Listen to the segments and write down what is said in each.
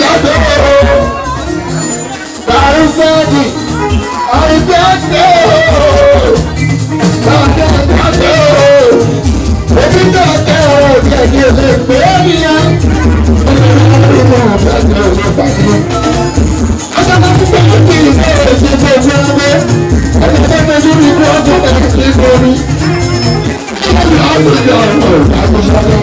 jáde o. Dàrúsẹ́ẹ̀dì àìgbẹ́dẹ́ o. Dàdé jáde o. Ebi dàdé o. Kẹ̀kẹ́ lè pé ènìyàn. Ìrìnàjò ìmọ̀ àbẹ̀tẹ̀ ọ̀nà pàṣẹ. Adájọ́ ti bẹ̀rẹ̀ sí ilé ẹ̀jẹ̀ tó ń gbé ọgbẹ́. Ẹni tó ń gbé lórí ikú ọjọ́ náà ti borí. Ìjọba ìlú àgbèjọ ọ̀rọ̀ ìdájọ́ sọ́dọ̀.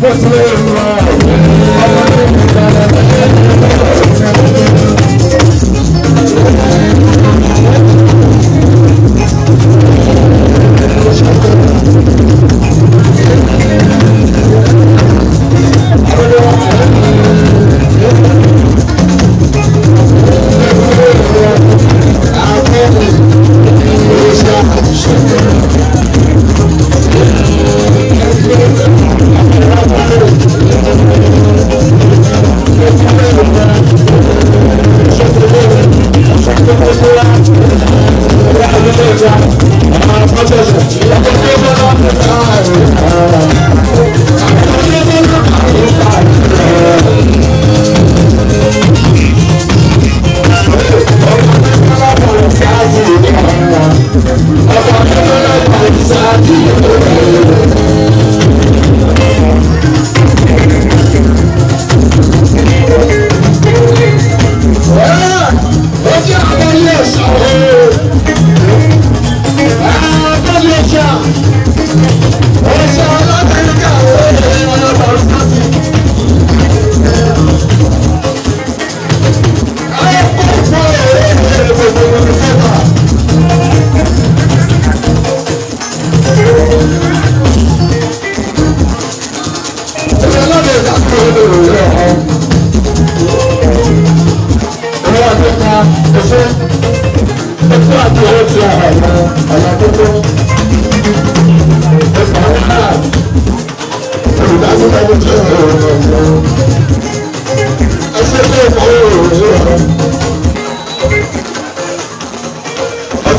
bó ti lè wá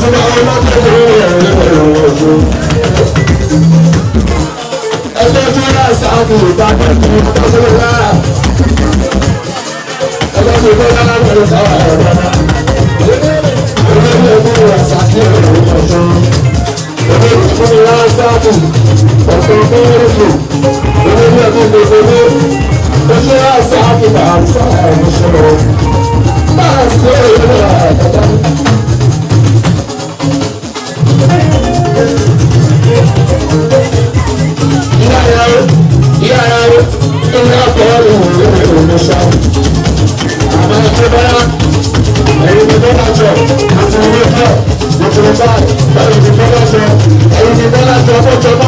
ti máa ń lọ́jọ́ náà mo ti lè báyìí ẹ̀rù ìdìbò lọ́sọ̀ ẹ̀rù ìdìbò lọ́sọ̀ ọmọ ìjọba.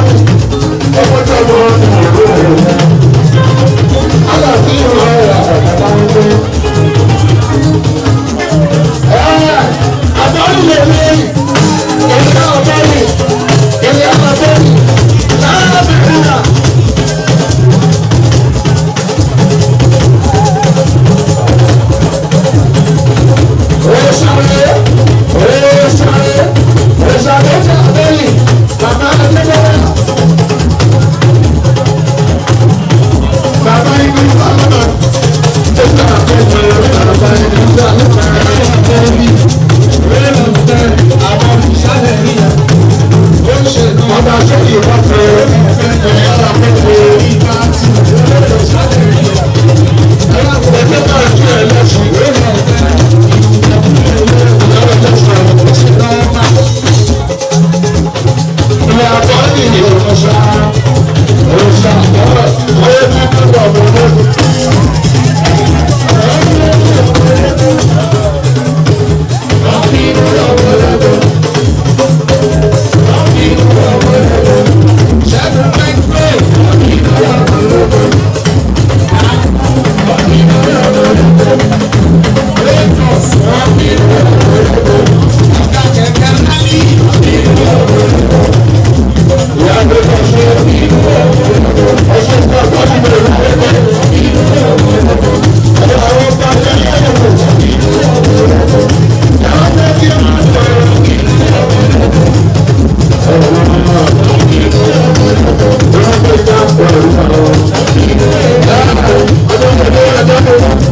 Bàbá ṣé kì í wá Thank you.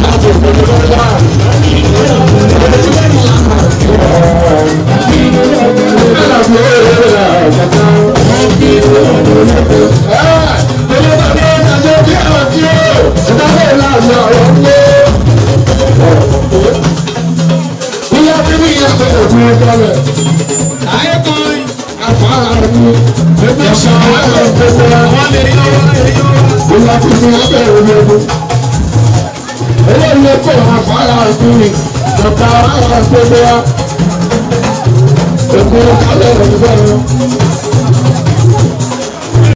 bóyá tí ní ọbẹ̀ omi ogun. eléyìí ẹgbẹ́ wọn fara ìpínlẹ̀ dọ̀tà aráàlú àgbẹ̀gbẹ̀ wa. èkó kálẹ̀ ìgbẹ́ wọn.